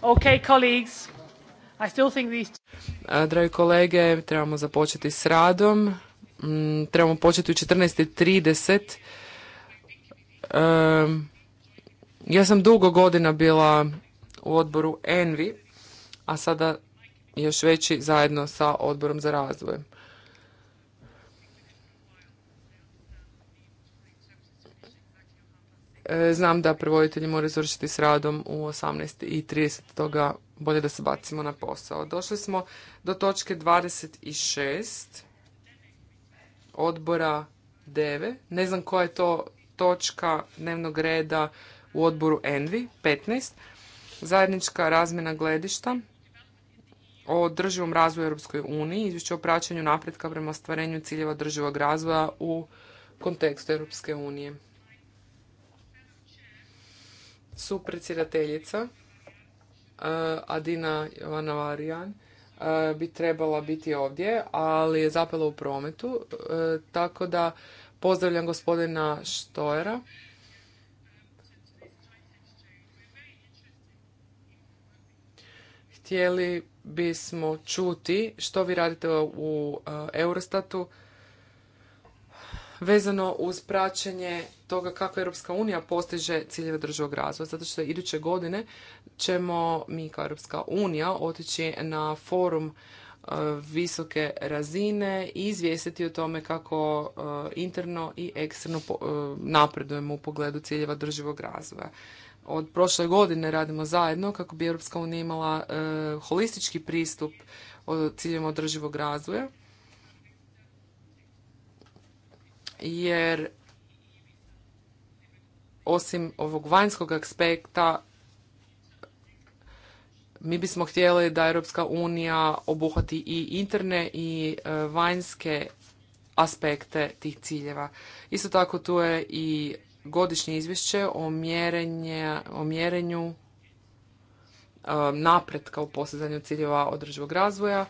Okay, colleagues. I still think these... Dragi kolege, trebamo započeti s radom. Mm, trebamo početi u 14.30. ja sam dugo godina bila u odboru ENVI, a sada još veći zajedno sa odborom za razvoj. E, znam da prevoditelji moraju završiti s radom u 18.30, toga bolje da se bacimo na posao. Došli smo do točke 26, odbora 9. Ne znam koja je to točka dnevnog reda u odboru ENVI, 15. Zajednička razmjena gledišta o održivom razvoju Europskoj uniji, izvješće o praćenju napretka prema ostvarenju ciljeva održivog razvoja u kontekstu Europske unije. Supredsjedateljica eh, Adina Vanavarijan eh, bi trebala biti ovdje, ali je zapela u prometu, eh, tako da pozdravljam gospodina Štojera. Htjeli bismo čuti što vi radite u Eurostatu vezano uz praćenje toga kako Europska unija postiže ciljeve održivog razvoja, zato što iduće godine ćemo mi kao Europska unija otići na forum e, visoke razine i izvijestiti o tome kako e, interno i eksterno e, napredujemo u pogledu ciljeva održivog razvoja. Od prošle godine radimo zajedno kako bi Europska unija imala holistički pristup ciljevima održivog razvoja jer osim ovog vanjskog aspekta mi bismo htjeli da Europska unija obuhvati i interne i e, vanjske aspekte tih ciljeva. Isto tako tu je i godišnje izvješće o, mjerenje, o mjerenju e, napretka u postizanju ciljeva održivog razvoja.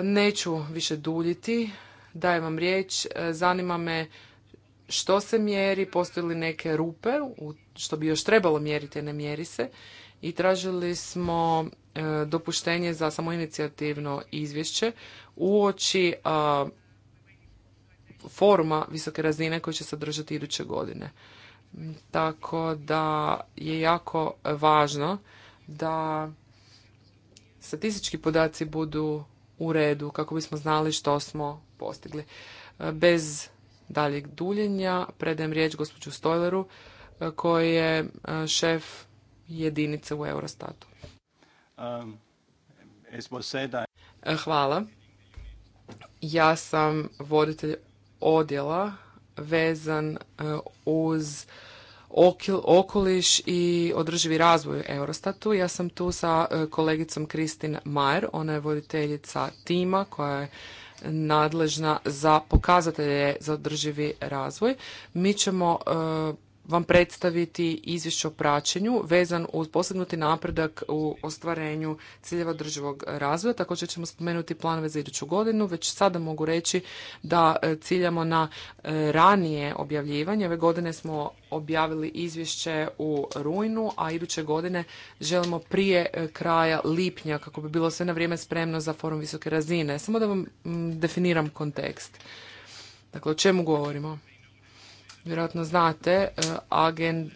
Neću više duljiti, dajem vam riječ. E, zanima me što se mjeri, postoji li neke rupe, što bi još trebalo mjeriti, ne mjeri se. I tražili smo e, dopuštenje za samoinicijativno izvješće uoči foruma visoke razine koji će se održati iduće godine. Tako da je jako važno da statistički podaci budu u redu kako bismo znali što smo postigli. E, bez daljeg duljenja predajem riječ gospođu Stojleru e, koji je e, šef jedinice u Eurostatu. Um, hvala. Ja sam voditelj odjela vezan uz okoliš i održivi razvoj Eurostatu. Ja sam tu sa kolegicom Kristin Majer, ona je voditeljica tima koja je nadležna za pokazatelje za održivi razvoj. Mi ćemo e, vam predstaviti izvješće o praćenju vezan uz posebnuti napredak u ostvarenju ciljeva državog razvoja. Također ćemo spomenuti planove za iduću godinu. Već sada mogu reći da e, ciljamo na e, ranije objavljivanje. Ove godine smo objavili izvješće u rujnu, a iduće godine želimo prije e, kraja lipnja kako bi bilo sve na vrijeme spremno za forum visoke razine. Samo da vam definiram kontekst. Dakle, o čemu govorimo? Vjerojatno znate, e,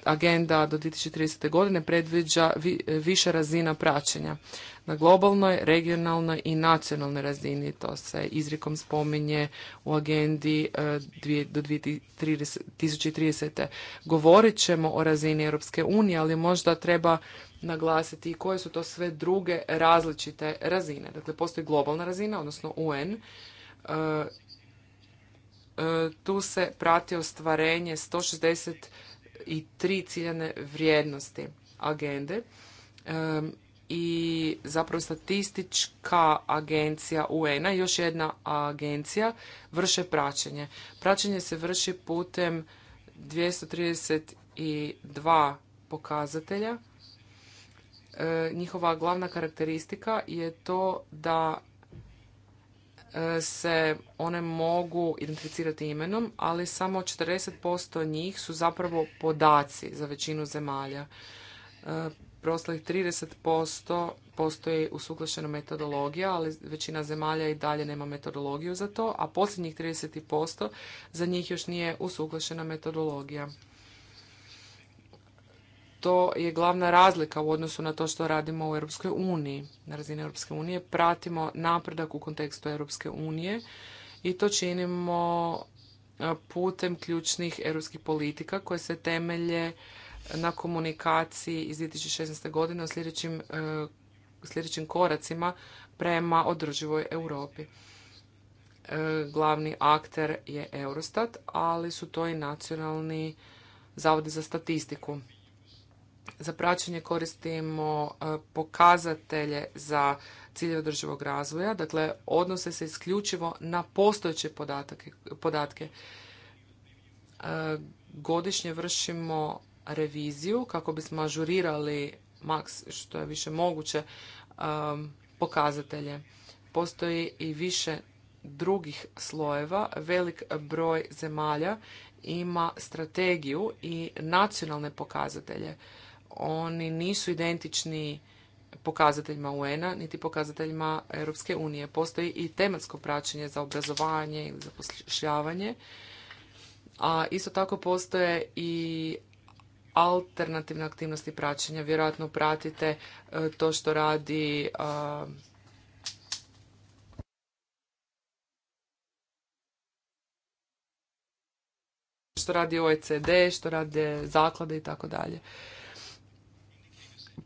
agenda do 2030. godine predviđa e, više razina praćenja. Na globalnoj, regionalnoj i nacionalnoj razini to se izrikom spominje u agendi e, do 2030. Govorit ćemo o razini Europske unije, ali možda treba naglasiti i koje su to sve druge različite razine. Dakle, postoji globalna razina, odnosno UN, E, tu se prati ostvarenje 163 ciljane vrijednosti agende e, i zapravo statistička agencija UN-a, još jedna agencija, vrše praćenje. Praćenje se vrši putem 232 pokazatelja. E, njihova glavna karakteristika je to da se one mogu identificirati imenom, ali samo 40% njih su zapravo podaci za većinu zemalja. E, Proslih 30% postoji usuglašena metodologija, ali većina zemalja i dalje nema metodologiju za to, a posljednjih 30% za njih još nije usuglašena metodologija to je glavna razlika u odnosu na to što radimo u Europskoj uniji. Na razini Europske unije pratimo napredak u kontekstu Europske unije i to činimo e, putem ključnih europskih politika koje se temelje na komunikaciji iz 2016. godine o sljedećim, e, sljedećim koracima prema održivoj Europi. E, glavni akter je Eurostat, ali su to i nacionalni zavodi za statistiku. Za praćenje koristimo e, pokazatelje za cilje održivog razvoja, dakle odnose se isključivo na postojeće podatke. E, godišnje vršimo reviziju kako bismo ažurirali maks što je više moguće e, pokazatelje. Postoji i više drugih slojeva, velik broj zemalja ima strategiju i nacionalne pokazatelje oni nisu identični pokazateljima UN-a niti pokazateljima Europske unije. Postoji i tematsko praćenje za obrazovanje ili zapošljavanje, a isto tako postoje i alternativne aktivnosti praćenja. Vjerojatno pratite e, to što radi e, što radi OECD, što rade zaklade i tako dalje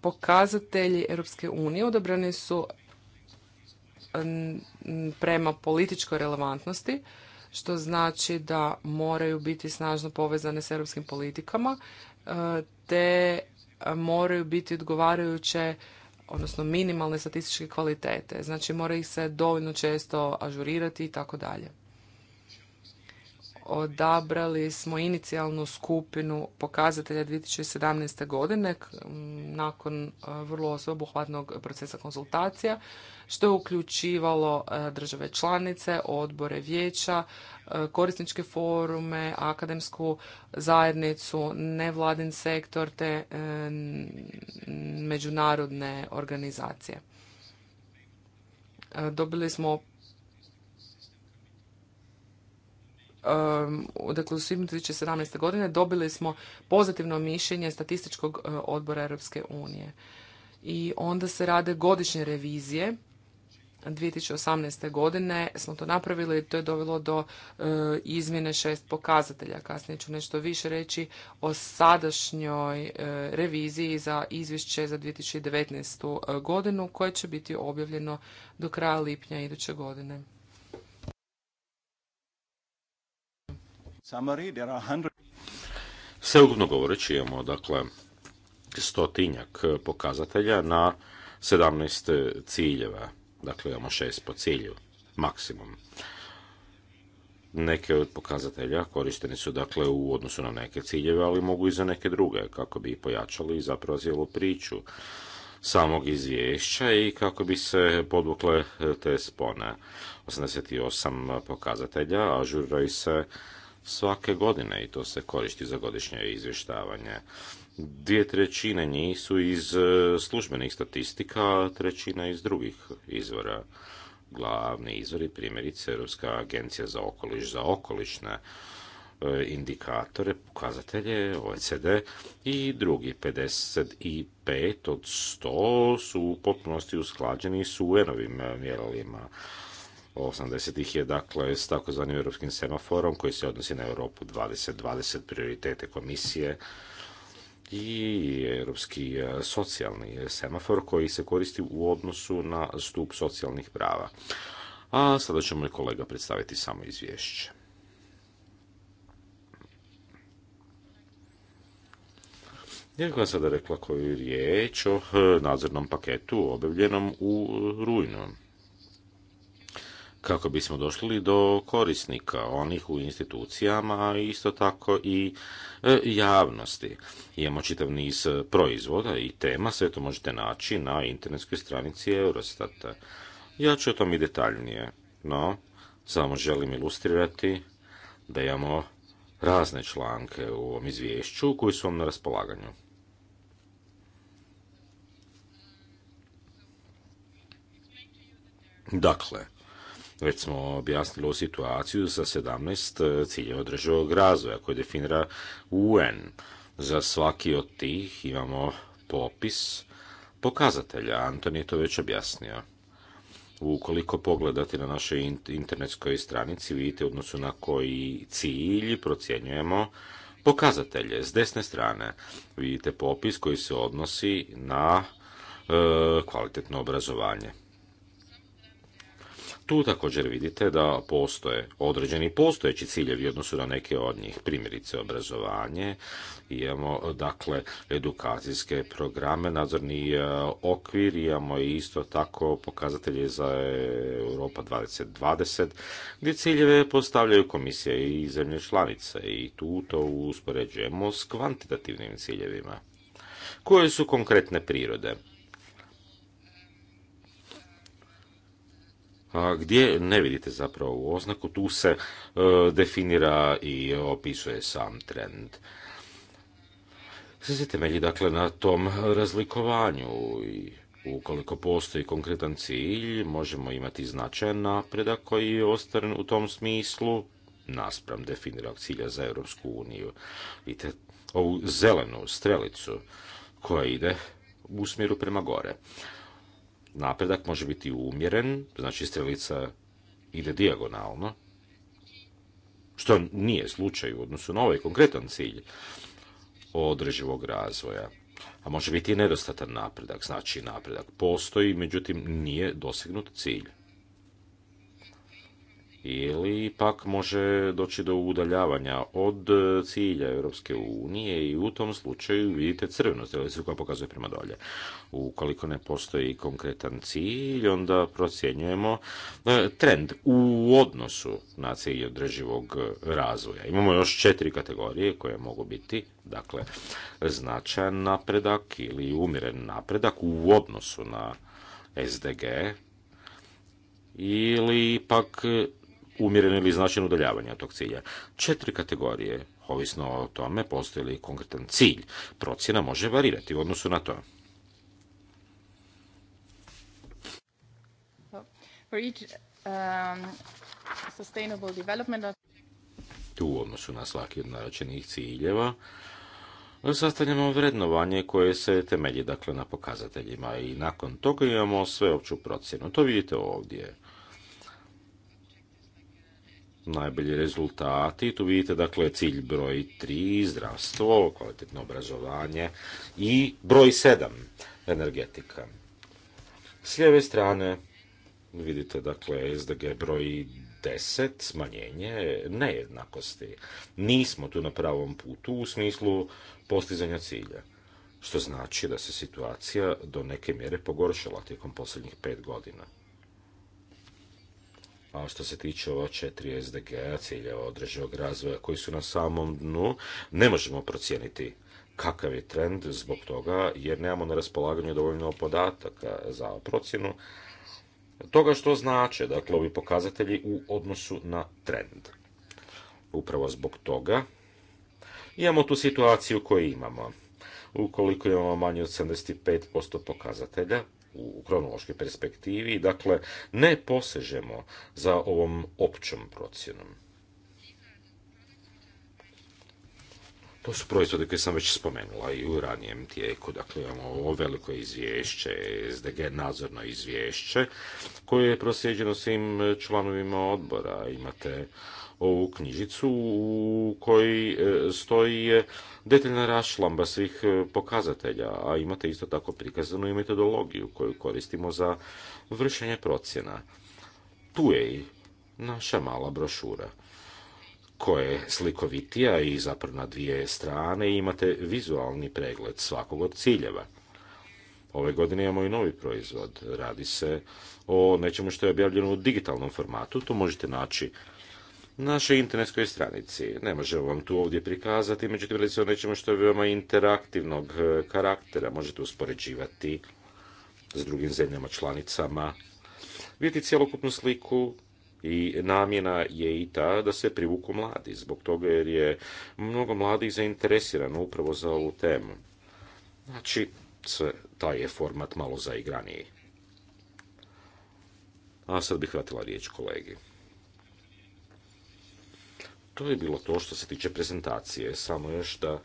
pokazatelji Europske unije su prema političkoj relevantnosti, što znači da moraju biti snažno povezane s europskim politikama, e, te e, moraju biti odgovarajuće odnosno minimalne statističke kvalitete. Znači mora ih se dovoljno često ažurirati i tako dalje odabrali smo inicijalnu skupinu pokazatelja 2017. godine nakon e, vrlo sveobuhvatnog procesa konzultacija što je uključivalo e, države članice, odbore vijeća, e, korisničke forume, akademsku zajednicu, nevladin sektor te međunarodne organizacije. Dobili smo Um, dakle u svibnju 2017. godine dobili smo pozitivno mišljenje statističkog uh, odbora Europske unije. I onda se rade godišnje revizije 2018. godine smo to napravili i to je dovelo do uh, izmjene šest pokazatelja. Kasnije ću nešto više reći o sadašnjoj uh, reviziji za izvješće za 2019. godinu koje će biti objavljeno do kraja lipnja iduće godine. Sveukupno govoreći imamo dakle stotinjak pokazatelja na 17 ciljeva. Dakle, imamo šest po cilju, maksimum. Neke od pokazatelja koristeni su dakle u odnosu na neke ciljeve, ali mogu i za neke druge, kako bi pojačali zapravo cijelu priču samog izvješća i kako bi se podvukle te spone. 88 pokazatelja ažuraju se svake godine i to se koristi za godišnje izvještavanje. Dvije trećine njih su iz e, službenih statistika, a trećina iz drugih izvora. Glavni izvori primjerice Europska agencija za okoliš za okolišne e, indikatore, pokazatelje, OECD i drugi 55 od 100 su u potpunosti usklađeni s UN-ovim mjerilima. 80-ih je dakle s takozvanim europskim semaforom koji se odnosi na Europu 2020 prioritete komisije i europski e, socijalni e, semafor koji se koristi u odnosu na stup socijalnih prava. A sada ćemo i kolega predstaviti samo izvješće. Iako sada rekla koju riječ o e, nadzornom paketu objavljenom u rujnu kako bismo došli do korisnika, onih u institucijama, a isto tako i e, javnosti. Imamo čitav niz e, proizvoda i tema, sve to možete naći na internetskoj stranici Eurostata. Ja ću o tom i detaljnije, no samo želim ilustrirati da imamo razne članke u ovom izvješću koji su vam na raspolaganju. Dakle, već smo objasnili ovu situaciju sa 17 e, ciljeva održivog razvoja koje definira UN. Za svaki od tih imamo popis pokazatelja. Anton je to već objasnio. Ukoliko pogledate na našoj internetskoj stranici, vidite u odnosu na koji cilj procjenjujemo pokazatelje. S desne strane vidite popis koji se odnosi na e, kvalitetno obrazovanje. Tu također vidite da postoje određeni postojeći ciljevi u odnosu na neke od njih, primjerice obrazovanje, imamo dakle edukacijske programe, nadzorni e, okvir, imamo isto tako pokazatelje za Europa 2020, gdje ciljeve postavljaju komisije i zemlje članice i tu to uspoređujemo s kvantitativnim ciljevima. Koje su konkretne prirode? gdje ne vidite zapravo u oznaku, tu se e, definira i opisuje sam trend. Sve se temelji dakle na tom razlikovanju i Ukoliko postoji konkretan cilj, možemo imati značajan napredak koji je ostvaren u tom smislu naspram definiranog cilja za Europsku uniju. Vidite ovu zelenu strelicu koja ide u smjeru prema gore napredak može biti umjeren, znači strelica ide dijagonalno, što nije slučaj u odnosu na ovaj konkretan cilj održivog razvoja. A može biti i nedostatan napredak, znači napredak postoji, međutim nije dosegnut cilj ili pak može doći do udaljavanja od cilja Europske unije i u tom slučaju vidite crvenu strelicu koja pokazuje prema dolje. Ukoliko ne postoji konkretan cilj, onda procjenjujemo e, trend u odnosu na cilj održivog razvoja. Imamo još četiri kategorije koje mogu biti dakle značajan napredak ili umjeren napredak u odnosu na SDG ili pak umjereno ili značajno udaljavanje od tog cilja. Četiri kategorije, ovisno o tome postoji li konkretan cilj. Procjena može varirati u odnosu na to. Um, u odnosu na svaki od naračenih ciljeva, sastavljamo vrednovanje koje se temelji dakle, na pokazateljima i nakon toga imamo sveopću procjenu. To vidite ovdje najbolji rezultati. Tu vidite dakle cilj broj 3, zdravstvo, kvalitetno obrazovanje i broj 7, energetika. S lijeve strane vidite dakle SDG broj 10, smanjenje nejednakosti. Nismo tu na pravom putu u smislu postizanja cilja. Što znači da se situacija do neke mjere pogoršala tijekom posljednjih pet godina. A što se tiče ova četiri SDG-a, ciljeva održivog razvoja koji su na samom dnu, ne možemo procijeniti kakav je trend zbog toga jer nemamo na raspolaganju dovoljno podataka za procjenu toga što znače, dakle, ovi pokazatelji u odnosu na trend. Upravo zbog toga imamo tu situaciju koju imamo ukoliko imamo manje od 75% pokazatelja u kronološkoj perspektivi, dakle ne posežemo za ovom općom procjenom. To su proizvode koje sam već spomenula i u ranijem tijeku. Dakle, imamo ovo veliko izvješće, SDG nadzorno izvješće, koje je prosjeđeno svim članovima odbora. Imate ovu knjižicu u kojoj e, stoji e, detaljna rašlamba svih e, pokazatelja, a imate isto tako prikazanu i metodologiju koju koristimo za vršenje procjena. Tu je i naša mala brošura koja je slikovitija i zapravo na dvije strane imate vizualni pregled svakog od ciljeva. Ove godine imamo i novi proizvod. Radi se o nečemu što je objavljeno u digitalnom formatu. To možete naći našoj internetskoj stranici. Ne možemo vam tu ovdje prikazati, međutim radi se o nečemu što je veoma interaktivnog e, karaktera. Možete uspoređivati s drugim zemljama članicama, vidjeti cjelokupnu sliku i namjena je i ta da se privuku mladi, zbog toga jer je mnogo mladih zainteresirano upravo za ovu temu. Znači, taj je format malo zaigraniji. A sad bih vratila riječ kolegi. To je bilo to što se tiče prezentacije. Samo još da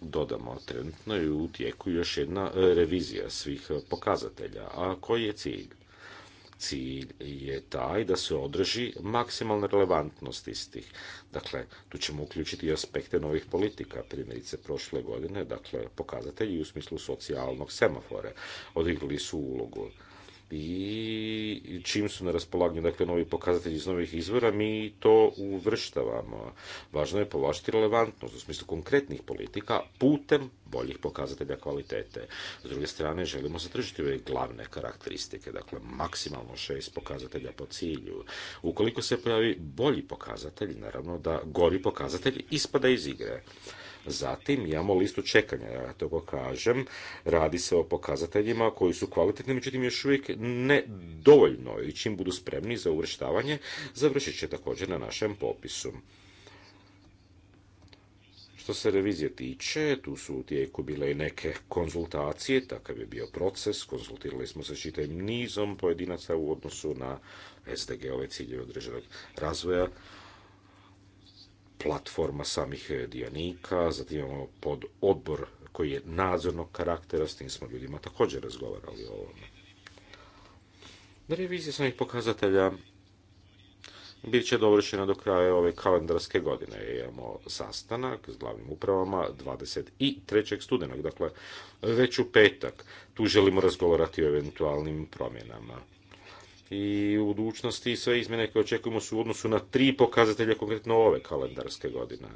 dodamo, trenutno je u tijeku još jedna e, revizija svih e, pokazatelja. A koji je cilj? Cilj je taj da se održi maksimalna relevantnost istih. Dakle, tu ćemo uključiti i aspekte novih politika, primjerice prošle godine, dakle, pokazatelji u smislu socijalnog semafore odigli su ulogu i čim su na raspolaganju dakle, novi pokazatelji iz novih izvora, mi to uvrštavamo. Važno je považiti relevantnost u smislu konkretnih politika putem boljih pokazatelja kvalitete. S druge strane, želimo zadržati ove glavne karakteristike, dakle maksimalno šest pokazatelja po cilju. Ukoliko se pojavi bolji pokazatelj, naravno da gori pokazatelj ispada iz igre. Zatim imamo listu čekanja, ja to kažem, radi se o pokazateljima koji su kvalitetni, međutim još uvijek ne dovoljno i čim budu spremni za uvrštavanje, završit će također na našem popisu. Što se revizije tiče, tu su u tijeku bile i neke konzultacije, takav je bio proces, konzultirali smo se čitavim nizom pojedinaca u odnosu na SDG-ove ciljeve određenog razvoja, platforma samih e, dionika, zatim imamo pod odbor koji je nadzornog karaktera, s tim smo ljudima također razgovarali o ovome. Na reviziji samih pokazatelja bit će dovršena do kraja ove kalendarske godine. Imamo sastanak s glavnim upravama 23. studenog, dakle već u petak. Tu želimo razgovarati o eventualnim promjenama i u budućnosti sve izmjene koje očekujemo su u odnosu na tri pokazatelja konkretno ove kalendarske godine.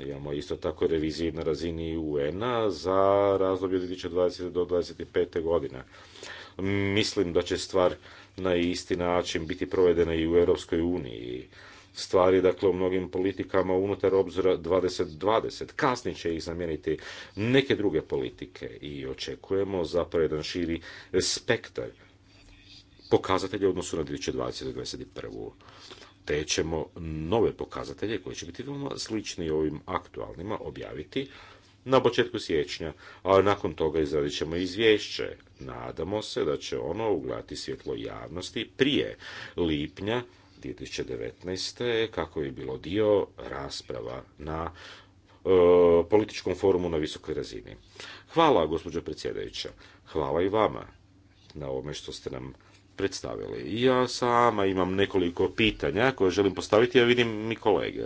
Imamo isto tako revizije na razini UN-a za razdoblje 2020. do 2025. godine. Mislim da će stvar na isti način biti provedena i u Europskoj uniji. Stvari, dakle, u mnogim politikama unutar obzora 2020. Kasnije će ih zamijeniti neke druge politike i očekujemo zapravo jedan širi spektar pokazatelje u odnosu na 2021. Te ćemo nove pokazatelje koji će biti veoma slični ovim aktualnima objaviti na početku siječnja, a nakon toga izradit ćemo izvješće. Nadamo se da će ono ugledati svjetlo javnosti prije lipnja 2019. kako je bilo dio rasprava na e, političkom forumu na visokoj razini. Hvala, gospođo predsjedajuća. Hvala i vama na ovome što ste nam predstavili. Ja sama imam nekoliko pitanja koje želim postaviti, ja vidim mi kolege.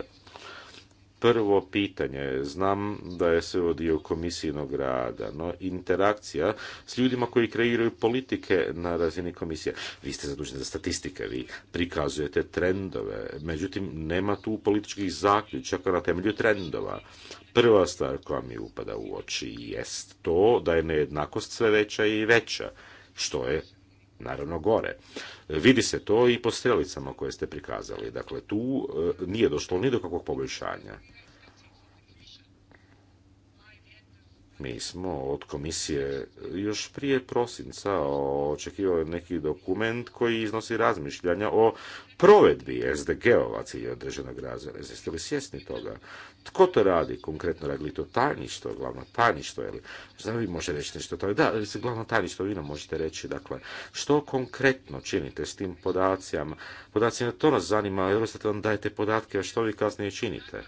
Prvo pitanje, znam da je sve dio komisijnog rada, no interakcija s ljudima koji kreiraju politike na razini komisije. Vi ste zaduženi za statistike, vi prikazujete trendove, međutim nema tu političkih zaključaka na temelju trendova. Prva stvar koja mi upada u oči jest to da je nejednakost sve veća i veća, što je naravno gore. Vidi se to i po strelicama koje ste prikazali. Dakle, tu e, nije došlo ni do kakvog poboljšanja. Mi smo od komisije još prije prosinca očekivali neki dokument koji iznosi razmišljanja o provedbi SDG-ova određenog održenog razvoja. Jeste li svjesni toga? Tko to radi konkretno? Radi li to tajništvo, glavno tajništvo? Ili, vi može reći nešto to, Da, ali se glavno tajništvo vi nam možete reći. Dakle, što konkretno činite s tim podacima? Podacima to nas zanima. Eurostat vam dajete podatke, a što vi kasnije činite?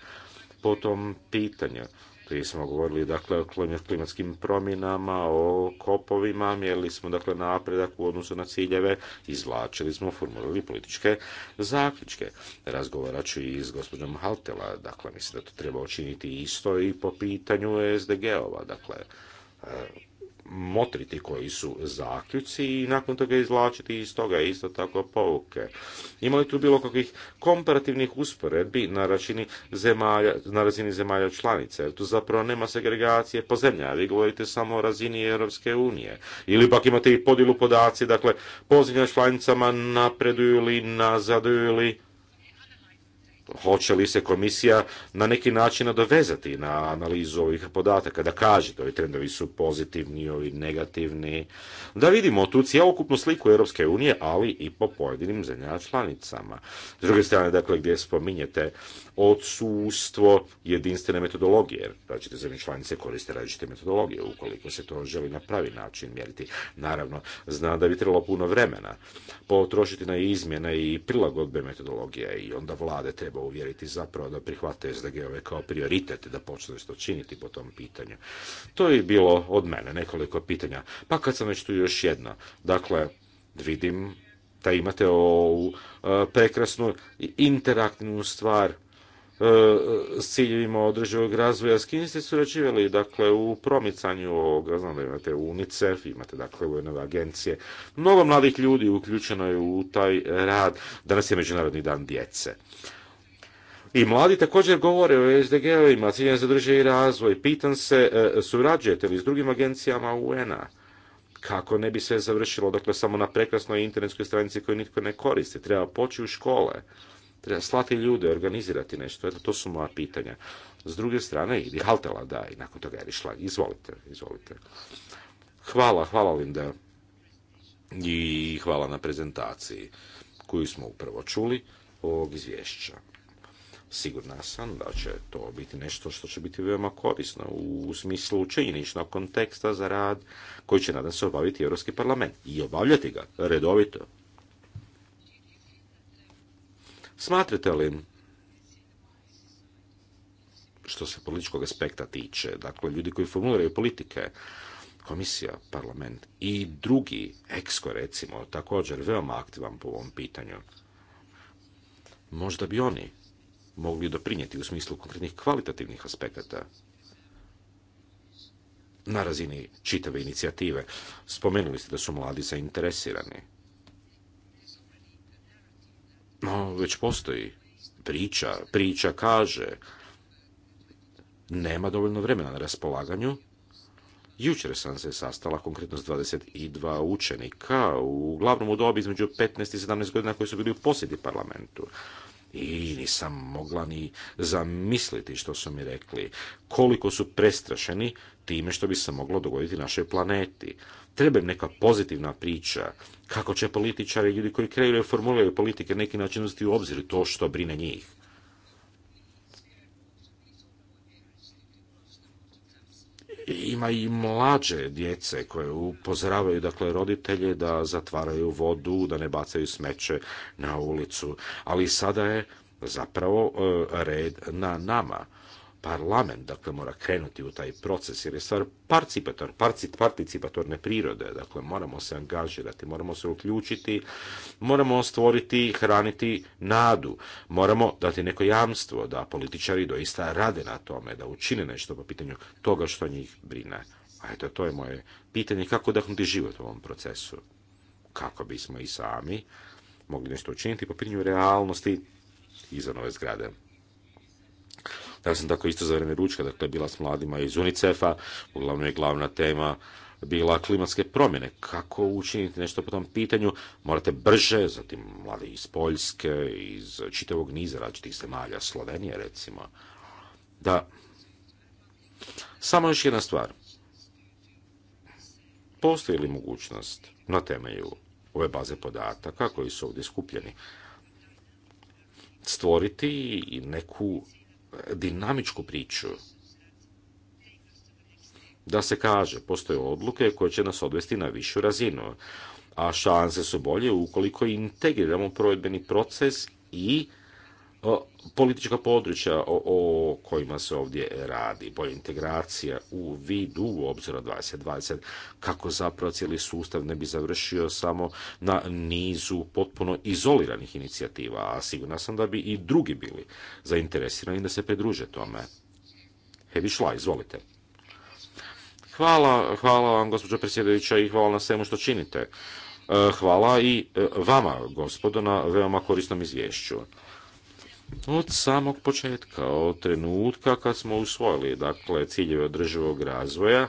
Potom pitanja prije smo govorili dakle o klimatskim promjenama, o kopovima, mjerili smo dakle napredak u odnosu na ciljeve, izvlačili smo, formulirali političke zaključke. Razgovarat ću i s gospođom Haltela, dakle mislim da to treba učiniti isto i po pitanju SDG-ova, dakle razmotriti koji su zaključci i nakon toga izvlačiti iz toga isto tako pouke. Ima li tu bilo kakvih komparativnih usporedbi na razini zemalja, na razini zemalja članica? Jer tu zapravo nema segregacije po zemlja, vi govorite samo o razini Europske unije. Ili pak imate i podjelu podaci, dakle, po zemlja članicama napreduju li, nazaduju li, hoće li se komisija na neki način nadovezati na analizu ovih podataka, da kaže da ovi trendovi su pozitivni, ovi negativni, da vidimo tu cijelokupnu sliku Europske unije, ali i po pojedinim zemljama članicama. S druge strane, dakle, gdje spominjete odsustvo jedinstvene metodologije, ćete zemlje članice koriste različite metodologije, ukoliko se to želi na pravi način mjeriti. Naravno, zna da bi trebalo puno vremena potrošiti na izmjene i prilagodbe metodologije i onda vlade treba uvjeriti zapravo da prihvate SDG-ove kao prioritet da počne isto činiti po tom pitanju. To je bilo od mene nekoliko pitanja. Pa kad sam već tu još jedna. Dakle, vidim da imate ovu e, prekrasnu interaktivnu stvar e, s ciljevima održivog razvoja. S kim ste surađivali dakle, u promicanju ovoga? Znam da imate UNICEF, imate dakle u agencije. Mnogo mladih ljudi uključeno je u taj rad. Danas je Međunarodni dan djece. I mladi također govore o SDG-ovima, za i razvoj. Pitan se, e, surađujete li s drugim agencijama UN-a? Kako ne bi sve završilo, dakle, samo na prekrasnoj internetskoj stranici koju nitko ne koristi? Treba poći u škole, treba slati ljude, organizirati nešto. Eto, to su moja pitanja. S druge strane, idi haltela, da, i nakon toga je išla. Izvolite, izvolite. Hvala, hvala Linda. I hvala na prezentaciji koju smo upravo čuli ovog izvješća. Sigurna sam da će to biti nešto što će biti veoma korisno u smislu činjeničnog konteksta za rad koji će nadam se obaviti Europski parlament i obavljati ga redovito. Smatrate li što se političkog aspekta tiče, dakle ljudi koji formuliraju politike, komisija, parlament i drugi, eksko, recimo, također veoma aktivan po ovom pitanju. Možda bi oni mogli doprinijeti u smislu konkretnih kvalitativnih aspekata na razini čitave inicijative. Spomenuli ste da su mladi zainteresirani. No, već postoji priča, priča kaže, nema dovoljno vremena na raspolaganju. Jučer sam se sastala konkretno s 22 učenika, uglavnom u dobi između 15 i 17 godina koji su bili u posjedi parlamentu i nisam mogla ni zamisliti što su mi rekli, koliko su prestrašeni time što bi se moglo dogoditi našoj planeti. Treba im neka pozitivna priča, kako će političari, ljudi koji kreiraju, formuliraju politike, neki način uzeti u obzir to što brine njih. Ima i mlađe djece koje upozoravaju dakle roditelje da zatvaraju vodu, da ne bacaju smeće na ulicu. Ali sada je zapravo e, red na nama parlament dakle mora krenuti u taj proces jer je stvar participatorne prirode, dakle moramo se angažirati, moramo se uključiti, moramo stvoriti i hraniti nadu, moramo dati neko jamstvo da političari doista rade na tome, da učine nešto po pitanju toga što njih brine. A eto, to je moje pitanje kako odahnuti život u ovom procesu. Kako bismo i sami mogli nešto učiniti po pitanju realnosti iza nove zgrade. Ja sam tako isto za vrijeme ručka, dakle, bila s mladima iz UNICEF-a, uglavnom je glavna tema bila klimatske promjene. Kako učiniti nešto po tom pitanju? Morate brže, zatim mladi iz Poljske, iz čitavog niza različitih zemalja, Slovenije recimo. Da, samo još jedna stvar. Postoji li mogućnost na temelju ove baze podataka koji su ovdje skupljeni stvoriti i neku dinamičku priču. Da se kaže, postoje odluke koje će nas odvesti na višu razinu, a šanse su bolje ukoliko integriramo provedbeni proces i politička područja o kojima se ovdje radi, bolje integracija u vidu obzora 2020, kako zapravo cijeli sustav ne bi završio samo na nizu potpuno izoliranih inicijativa, a sigurno sam da bi i drugi bili zainteresirani da se pridruže tome. Hevi šla, izvolite. Hvala, hvala vam, gospođo predsjedajuća, i hvala na svemu što činite. E, hvala i e, vama, gospodo, na veoma korisnom izvješću od samog početka, od trenutka kad smo usvojili dakle, ciljeve održivog razvoja,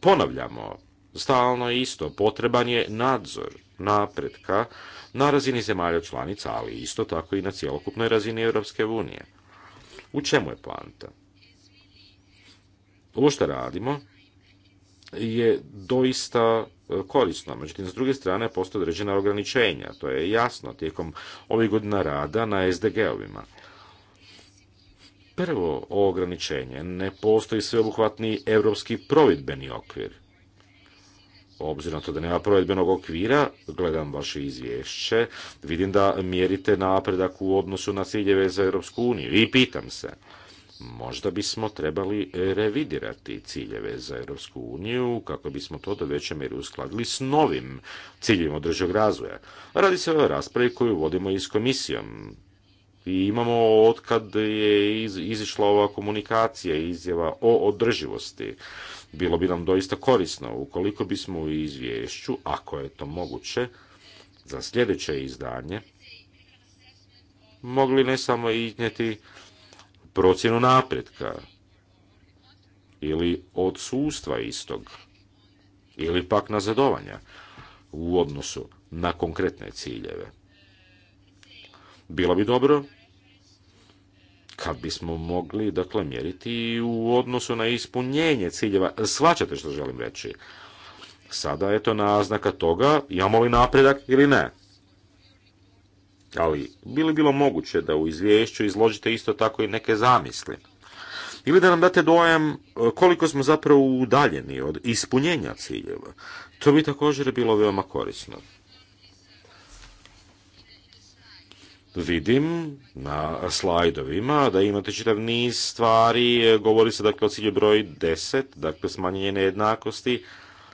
ponavljamo stalno isto, potreban je nadzor napretka na razini zemalja članica, ali isto tako i na cjelokupnoj razini Europske unije. U čemu je poanta? Ovo što radimo je doista E, korisno. Međutim, s druge strane postoje određena ograničenja, to je jasno tijekom ovih godina rada na SDG-ovima. Prvo ograničenje, ne postoji sveobuhvatni europski provedbeni okvir. Obzirom to da nema provedbenog okvira, gledam vaše izvješće, vidim da mjerite napredak u odnosu na ciljeve za Europsku uniju i pitam se, možda bismo trebali e, revidirati ciljeve za Europsku uniju kako bismo to do veće mjere uskladili s novim ciljevima održivog razvoja. Radi se o raspravi koju vodimo i s komisijom. I imamo otkad je iz, izišla ova komunikacija, izjava o održivosti. Bilo bi nam doista korisno ukoliko bismo u izvješću, ako je to moguće, za sljedeće izdanje mogli ne samo iznijeti procjenu napretka ili odsustva istog ili pak nazadovanja u odnosu na konkretne ciljeve. Bilo bi dobro kad bismo mogli, dakle, mjeriti u odnosu na ispunjenje ciljeva. svaćate što želim reći. Sada je to naznaka toga, imamo li napredak ili ne. Ali bi li bilo moguće da u izvješću izložite isto tako i neke zamisli? Ili da nam date dojam e, koliko smo zapravo udaljeni od ispunjenja ciljeva? To bi također bilo veoma korisno. Vidim na slajdovima da imate čitav niz stvari, e, govori se dakle o cilju broj 10, dakle smanjenje nejednakosti,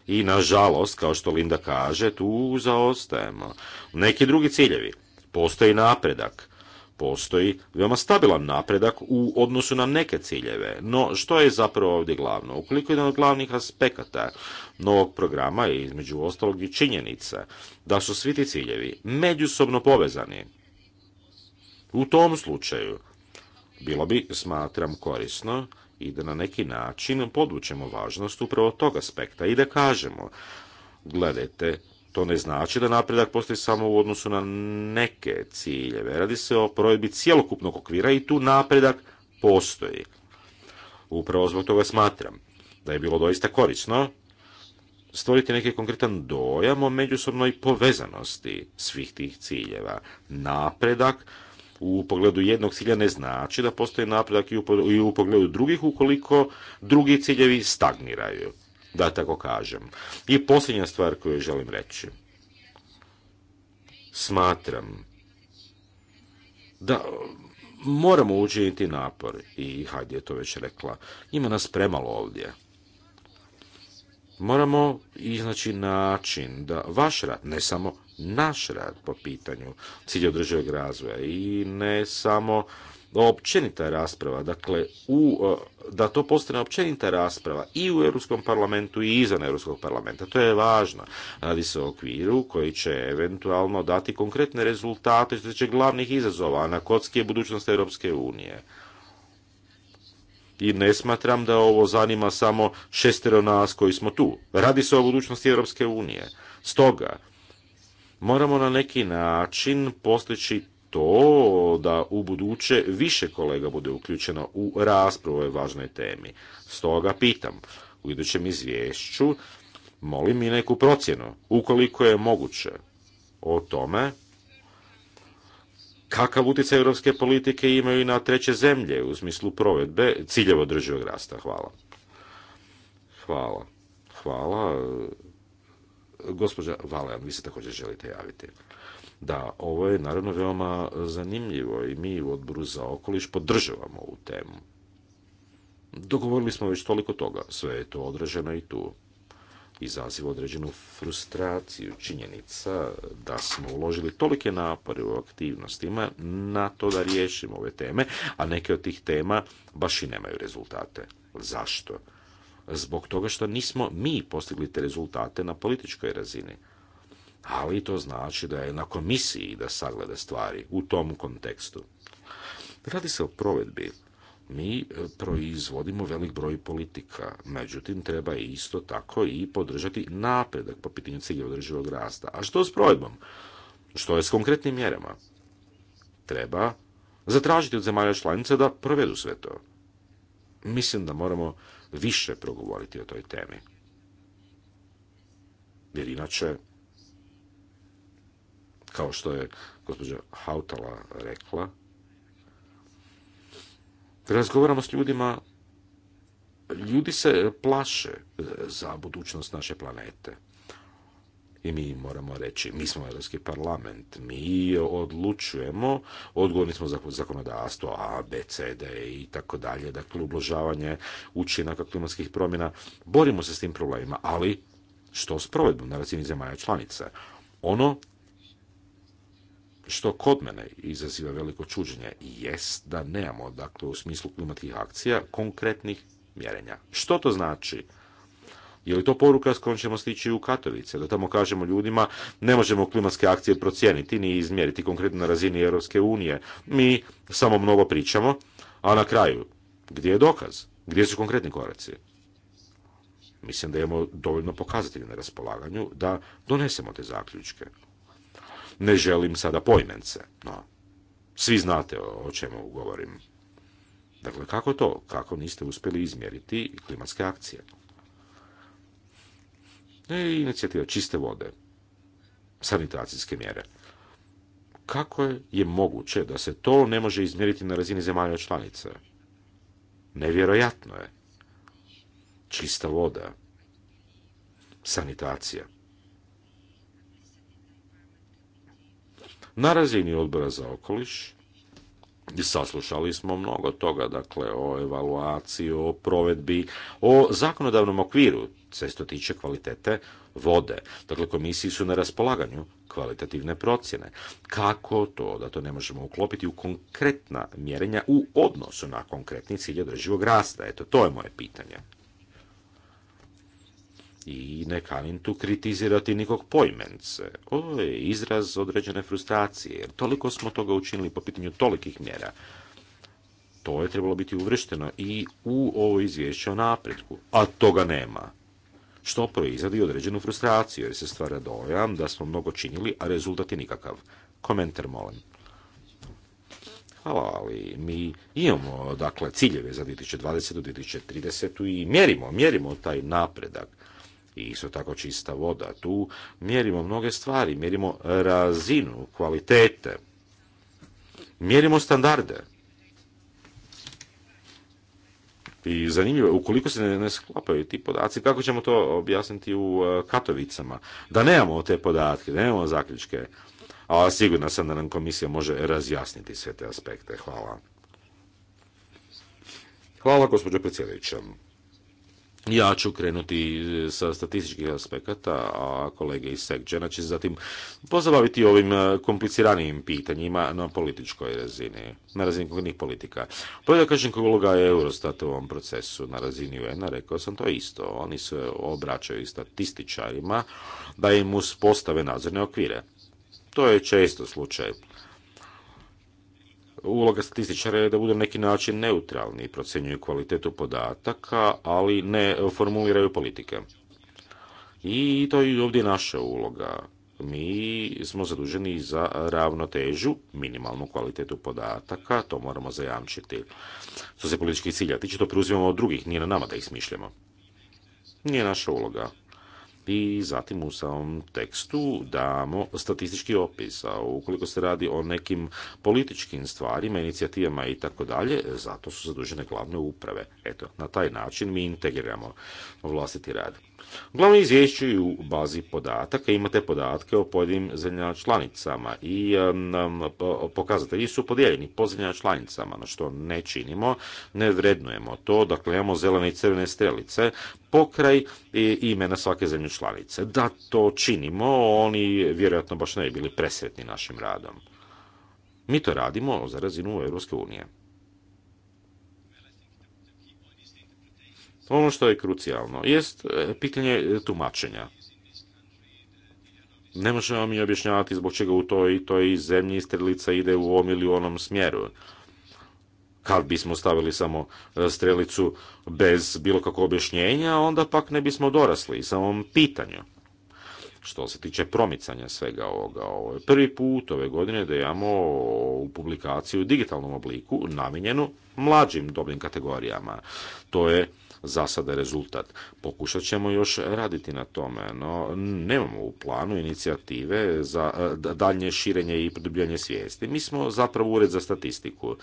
i nažalost, kao što Linda kaže, tu zaostajemo. Neki drugi ciljevi, Postoji napredak, postoji veoma stabilan napredak u odnosu na neke ciljeve. No, što je zapravo ovdje glavno? Ukoliko jedan od glavnih aspekata novog programa je između ostalog i činjenica da su svi ti ciljevi međusobno povezani. U tom slučaju bilo bi, smatram, korisno i da na neki način podvučemo važnost upravo tog aspekta i da kažemo, gledajte, to ne znači da napredak postoji samo u odnosu na neke ciljeve. Radi se o provedbi cjelokupnog okvira i tu napredak postoji. Upravo zbog toga smatram da je bilo doista korisno stvoriti neki konkretan dojam o međusobnoj povezanosti svih tih ciljeva. Napredak u pogledu jednog cilja ne znači da postoji napredak i u pogledu drugih ukoliko drugi ciljevi stagniraju da tako kažem. I posljednja stvar koju želim reći. Smatram da moramo učiniti napor i Hajdi je to već rekla. Ima nas premalo ovdje. Moramo iznaći način da vaš rad, ne samo naš rad po pitanju cilja održivog razvoja i ne samo općenita rasprava, dakle, u, e, da to postane općenita rasprava i u Europskom parlamentu i izvan Europskog parlamenta. To je važno. Radi se o okviru koji će eventualno dati konkretne rezultate što će glavnih izazova na kocki je budućnost Europske unije i ne smatram da ovo zanima samo šestero nas koji smo tu. Radi se o budućnosti Europske unije. Stoga, moramo na neki način postići to da u buduće više kolega bude uključeno u raspravu o ovoj važnoj temi. Stoga pitam, u idućem izvješću molim i neku procjenu, ukoliko je moguće, o tome kakav utjecaj europske politike imaju i na treće zemlje u smislu provedbe ciljevo održivog rasta. Hvala. Hvala. Hvala. Gospođa Valajan, vi se također želite javiti. Da, ovo je naravno veoma zanimljivo i mi u odboru za okoliš podržavamo ovu temu. Dogovorili smo već toliko toga, sve je to odraženo i tu. Izaziva određenu frustraciju, činjenica da smo uložili tolike napore u aktivnostima na to da riješimo ove teme, a neke od tih tema baš i nemaju rezultate. Zašto? Zbog toga što nismo mi postigli te rezultate na političkoj razini ali to znači da je na komisiji da sagleda stvari u tom kontekstu. Radi se o provedbi. Mi e, proizvodimo velik broj politika, međutim treba isto tako i podržati napredak po pitanju cilja održivog rasta. A što s provedbom? Što je s konkretnim mjerama? Treba zatražiti od zemalja članica da provedu sve to. Mislim da moramo više progovoriti o toj temi. Jer inače, kao što je gospođa Hautala rekla, razgovaramo s ljudima, ljudi se plaše e, za budućnost naše planete. I mi moramo reći, mi smo Europski parlament, mi odlučujemo, odgovorni smo za zakonodavstvo A, B, C, i tako dalje, dakle ublažavanje učinaka klimatskih promjena, borimo se s tim problemima, ali što s provedbom na razini zemalja članica? Ono što kod mene izaziva veliko čuđenje jest da nemamo, dakle, u smislu klimatskih akcija, konkretnih mjerenja. Što to znači? Je li to poruka s kojom ćemo stići u Katovice? Da tamo kažemo ljudima, ne možemo klimatske akcije procijeniti ni izmjeriti konkretno na razini Europske unije. Mi samo mnogo pričamo, a na kraju, gdje je dokaz? Gdje su konkretni koraci? Mislim da imamo dovoljno pokazatelja na raspolaganju da donesemo te zaključke ne želim sada pojmence, no svi znate o čemu govorim. Dakle, kako to? Kako niste uspjeli izmjeriti klimatske akcije? E, inicijativa čiste vode, sanitacijske mjere. Kako je moguće da se to ne može izmjeriti na razini zemalja članica? Nevjerojatno je. Čista voda, sanitacija. Na razini odbora za okoliš saslušali smo mnogo toga, dakle o evaluaciji, o provedbi, o zakonodavnom okviru, sve što tiče kvalitete vode. Dakle, komisiji su na raspolaganju kvalitativne procjene. Kako to da to ne možemo uklopiti u konkretna mjerenja u odnosu na konkretni cilj održivog rasta? Eto, to je moje pitanje i ne kanim tu kritizirati nikog pojmence. Ovo je izraz određene frustracije, jer toliko smo toga učinili po pitanju tolikih mjera. To je trebalo biti uvršteno i u ovo izvješće o napretku, a toga nema. Što proizvodi određenu frustraciju, jer se stvara dojam da smo mnogo činili, a rezultat je nikakav. Komentar molim. Hvala, ali mi imamo dakle ciljeve za 2020. do 2030. i mjerimo, mjerimo taj napredak i isto tako čista voda. Tu mjerimo mnoge stvari, mjerimo razinu kvalitete, mjerimo standarde. I zanimljivo, ukoliko se ne, ne sklapaju ti podaci, kako ćemo to objasniti u e, Katovicama? Da nemamo te podatke, da nemamo zaključke, a sigurno sam da nam komisija može razjasniti sve te aspekte. Hvala. Hvala, gospođo predsjedniče. Ja ću krenuti e, sa statističkih aspekata, a kolege iz Sekđena će zatim pozabaviti ovim e, kompliciranijim pitanjima na političkoj razini, na razini konkretnih politika. Prvo da kažem uloga je Eurostat u ovom procesu na razini UN-a, rekao sam to isto. Oni se obraćaju statističarima da im uspostave nadzorne okvire. To je često slučaj uloga statističara je da budu na neki način neutralni, procenjuju kvalitetu podataka, ali ne formuliraju politike. I to je ovdje naša uloga. Mi smo zaduženi za ravnotežu, minimalnu kvalitetu podataka, to moramo zajamčiti. Što se političkih cilja tiče, to preuzimamo od drugih, nije na nama da ih smišljamo. Nije naša uloga i zatim u samom tekstu damo statistički opis. A ukoliko se radi o nekim političkim stvarima, inicijativama i tako dalje, zato su zadužene glavne uprave. Eto, na taj način mi integriramo vlastiti rad izvješću i u bazi podataka, imate podatke o pojedinim zemljama članicama i pokazatelji su podijeljeni po zemljama članicama, na što ne činimo, ne vrednujemo to, dakle imamo zelene i crvene strelice, pokraj imena svake zemlje članice. Da to činimo, oni vjerojatno baš ne bi bili presretni našim radom. Mi to radimo za razinu Europske unije. Ono što je krucijalno jest e, pitanje e, tumačenja. Ne možemo mi objašnjavati zbog čega u toj i toj zemlji strelica ide u ovom ili onom smjeru. Kad bismo stavili samo e, strelicu bez bilo kakvog objašnjenja, onda pak ne bismo dorasli i samom pitanju. Što se tiče promicanja svega ovoga, ovo prvi put ove godine da imamo publikaciju u digitalnom obliku namijenjenu mlađim dobnim kategorijama. To je za sada rezultat. Pokušat ćemo još raditi na tome, no nemamo u planu inicijative za e, daljnje širenje i produbljanje svijesti. Mi smo zapravo ured za statistiku.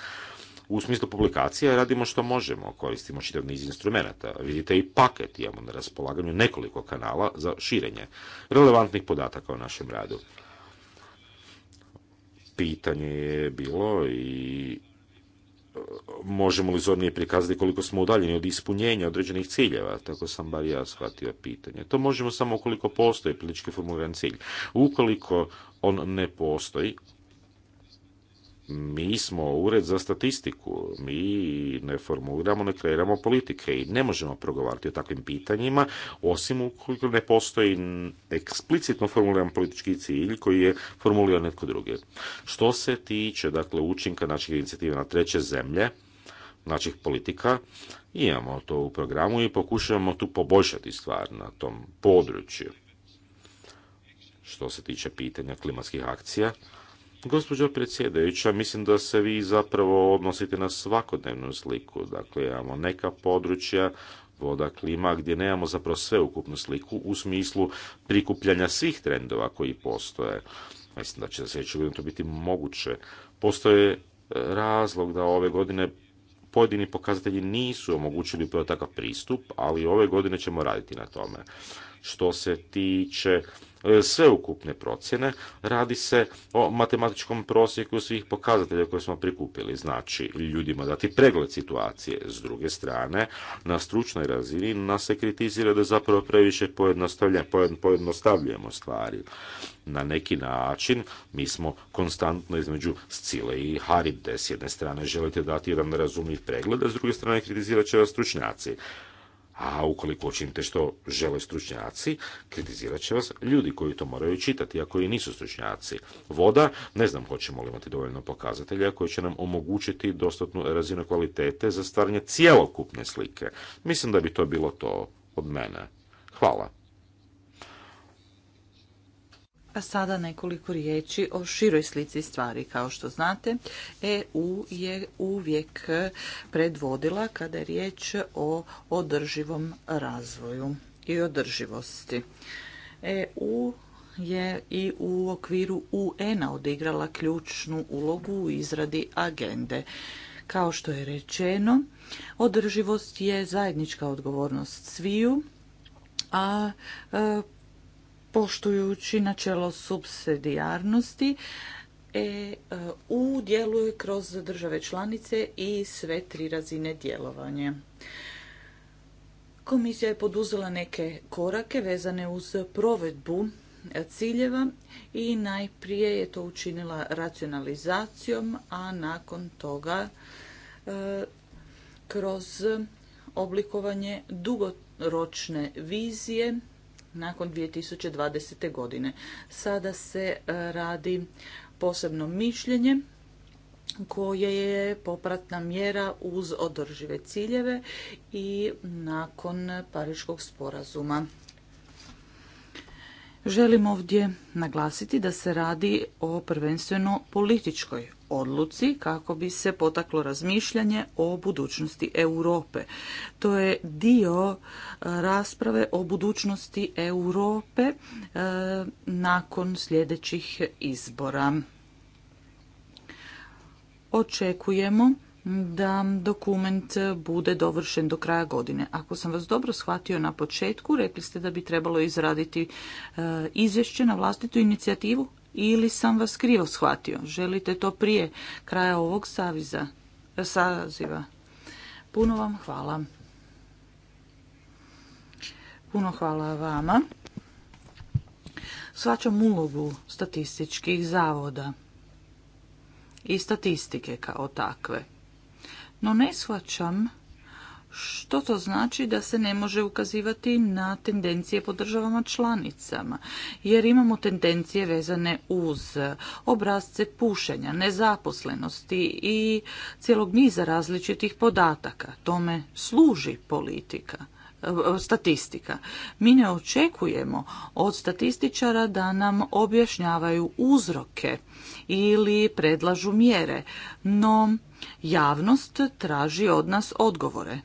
U smislu publikacija radimo što možemo, koristimo čitav niz instrumenta. Vidite i paket imamo na raspolaganju nekoliko kanala za širenje relevantnih podataka o našem radu. Pitanje je bilo i možemo li zornije prikazati koliko smo udaljeni od ispunjenja određenih ciljeva, tako sam bar ja shvatio pitanje. To možemo samo ukoliko postoji politički formuliran cilj. Ukoliko on ne postoji, mi smo ured za statistiku, mi ne formuliramo, ne kreiramo politike i ne možemo progovarati o takvim pitanjima, osim ukoliko ne postoji eksplicitno formuliran politički cilj koji je formuliran netko drugi. Što se tiče dakle, učinka naših inicijativa na treće zemlje, naših politika, imamo to u programu i pokušavamo tu poboljšati stvar na tom području. Što se tiče pitanja klimatskih akcija, Gospođo predsjedajuća, mislim da se vi zapravo odnosite na svakodnevnu sliku. Dakle, imamo neka područja voda, klima, gdje nemamo zapravo sveukupnu sliku u smislu prikupljanja svih trendova koji postoje. Mislim da će za sljedeću godinu to biti moguće. Postoje e, razlog da ove godine pojedini pokazatelji nisu omogućili upravo takav pristup, ali ove godine ćemo raditi na tome što se tiče e, sveukupne procjene. Radi se o matematičkom prosjeku svih pokazatelja koje smo prikupili. Znači, ljudima dati pregled situacije. S druge strane, na stručnoj razini nas se kritizira da zapravo previše pojednostavljujemo stvari. Na neki način mi smo konstantno između Scile i Haride. S jedne strane želite dati jedan razumljiv pregled, a s druge strane kritizirat će vas stručnjaci a ukoliko učinite što žele stručnjaci, kritizirat će vas ljudi koji to moraju čitati, a koji nisu stručnjaci. Voda, ne znam hoćemo li imati dovoljno pokazatelja koji će nam omogućiti dostatnu razinu kvalitete za stvaranje cjelokupne slike. Mislim da bi to bilo to od mene. Hvala sada nekoliko riječi o široj slici stvari. Kao što znate, EU je uvijek predvodila kada je riječ o održivom razvoju i održivosti. EU je i u okviru UN-a odigrala ključnu ulogu u izradi agende. Kao što je rečeno, održivost je zajednička odgovornost sviju, a e, poštujući načelo subsidijarnosti e, e u djeluje kroz države članice i sve tri razine djelovanja. Komisija je poduzela neke korake vezane uz provedbu ciljeva i najprije je to učinila racionalizacijom, a nakon toga e, kroz oblikovanje dugoročne vizije nakon 2020. godine. Sada se e, radi posebno mišljenje koje je popratna mjera uz održive ciljeve i nakon Pariškog sporazuma. Želim ovdje naglasiti da se radi o prvenstveno političkoj odluci kako bi se potaklo razmišljanje o budućnosti Europe. To je dio e, rasprave o budućnosti Europe e, nakon sljedećih izbora. Očekujemo da dokument bude dovršen do kraja godine. Ako sam vas dobro shvatio na početku, rekli ste da bi trebalo izraditi e, izvješće na vlastitu inicijativu ili sam vas krivo shvatio. Želite to prije kraja ovog saviza, saziva. Puno vam hvala. Puno hvala vama. Svačam ulogu statističkih zavoda i statistike kao takve. No ne shvaćam što to znači da se ne može ukazivati na tendencije po državama članicama, jer imamo tendencije vezane uz obrazce pušenja, nezaposlenosti i cijelog niza različitih podataka. Tome služi politika statistika. Mi ne očekujemo od statističara da nam objašnjavaju uzroke ili predlažu mjere, no Javnost traži od nas odgovore.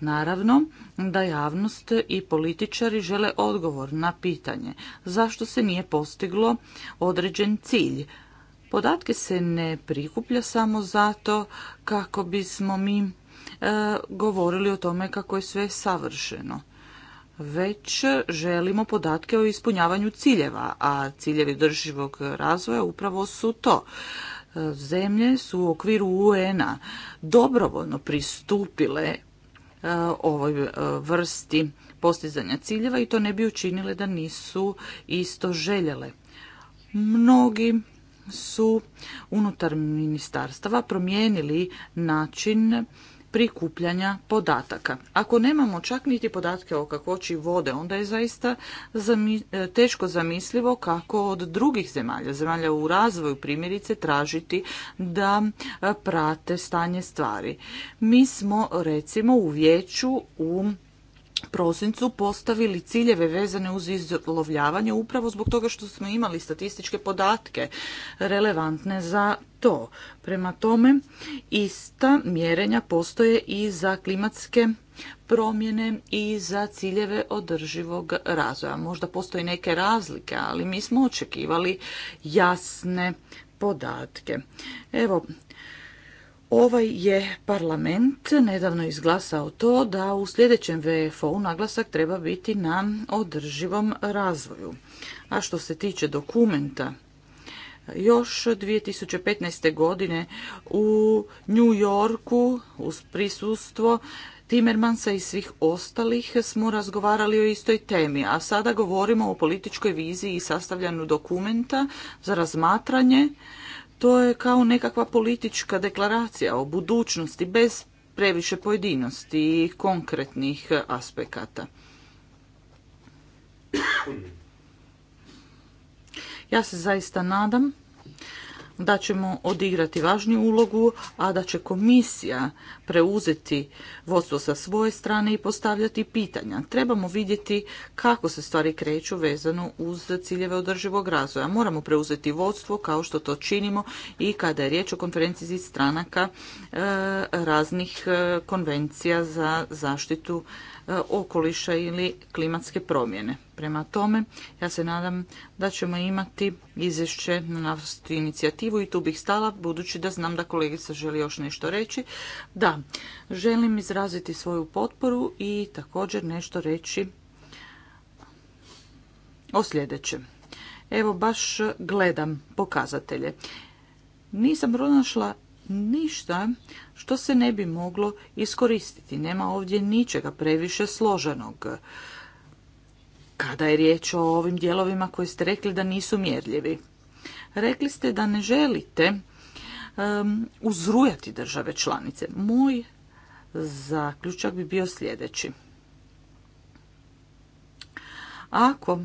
Naravno da javnost i političari žele odgovor na pitanje zašto se nije postiglo određen cilj. Podatke se ne prikuplja samo zato kako bismo mi e, govorili o tome kako je sve savršeno već želimo podatke o ispunjavanju ciljeva, a ciljevi drživog razvoja upravo su to zemlje su u okviru UN-a dobrovoljno pristupile e, ovoj e, vrsti postizanja ciljeva i to ne bi učinile da nisu isto željele. Mnogi su unutar ministarstava promijenili način prikupljanja podataka. Ako nemamo čak niti podatke o kakvoći vode, onda je zaista e, teško zamislivo kako od drugih zemalja, zemalja u razvoju primjerice, tražiti da e, prate stanje stvari. Mi smo recimo u vijeću u prosincu postavili ciljeve vezane uz izlovljavanje upravo zbog toga što smo imali statističke podatke relevantne za to. Prema tome, ista mjerenja postoje i za klimatske promjene i za ciljeve održivog razvoja. Možda postoje neke razlike, ali mi smo očekivali jasne podatke. Evo, Ovaj je parlament nedavno izglasao to da u sljedećem VFO-u naglasak treba biti na održivom razvoju. A što se tiče dokumenta, još 2015. godine u New Yorku uz prisustvo Timmermansa i svih ostalih smo razgovarali o istoj temi, a sada govorimo o političkoj viziji i sastavljanju dokumenta za razmatranje to je kao nekakva politička deklaracija o budućnosti bez previše pojedinosti i konkretnih aspekata. Ja se zaista nadam da ćemo odigrati važniju ulogu, a da će komisija preuzeti vodstvo sa svoje strane i postavljati pitanja. Trebamo vidjeti kako se stvari kreću vezano uz ciljeve održivog razvoja. Moramo preuzeti vodstvo kao što to činimo i kada je riječ o konferenciji stranaka e, raznih e, konvencija za zaštitu E, okoliša ili klimatske promjene. Prema tome, ja se nadam da ćemo imati izvješće na inicijativu i tu bih stala, budući da znam da kolegica želi još nešto reći. Da, želim izraziti svoju potporu i također nešto reći o sljedećem. Evo, baš gledam pokazatelje. Nisam pronašla ništa što se ne bi moglo iskoristiti. Nema ovdje ničega previše složenog. Kada je riječ o ovim dijelovima koji ste rekli da nisu mjerljivi. Rekli ste da ne želite uzrujati države članice. Moj zaključak bi bio sljedeći. Ako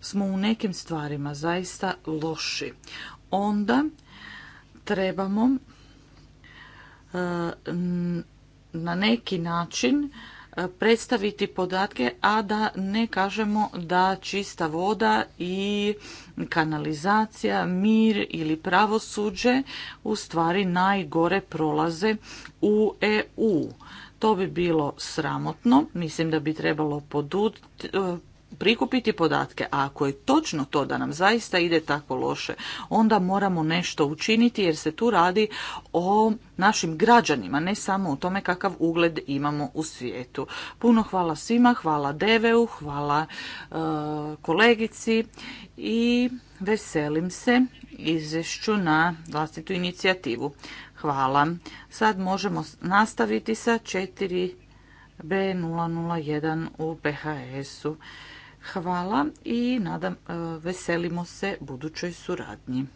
smo u nekim stvarima zaista loši, onda trebamo E, na neki način e, predstaviti podatke, a da ne kažemo da čista voda i kanalizacija, mir ili pravosuđe u stvari najgore prolaze u EU. To bi bilo sramotno, mislim da bi trebalo e, prikupiti podatke, a ako je točno to da nam zaista ide tako loše, onda moramo nešto učiniti jer se tu radi o našim građanima, ne samo o tome kakav ugled imamo u svijetu. Puno hvala svima, hvala Deveu, hvala e, kolegici i veselim se izvješću na vlastitu inicijativu. Hvala. Sad možemo nastaviti sa 4B001 u PHS-u. Hvala i nadam, e, veselimo se budućoj suradnji.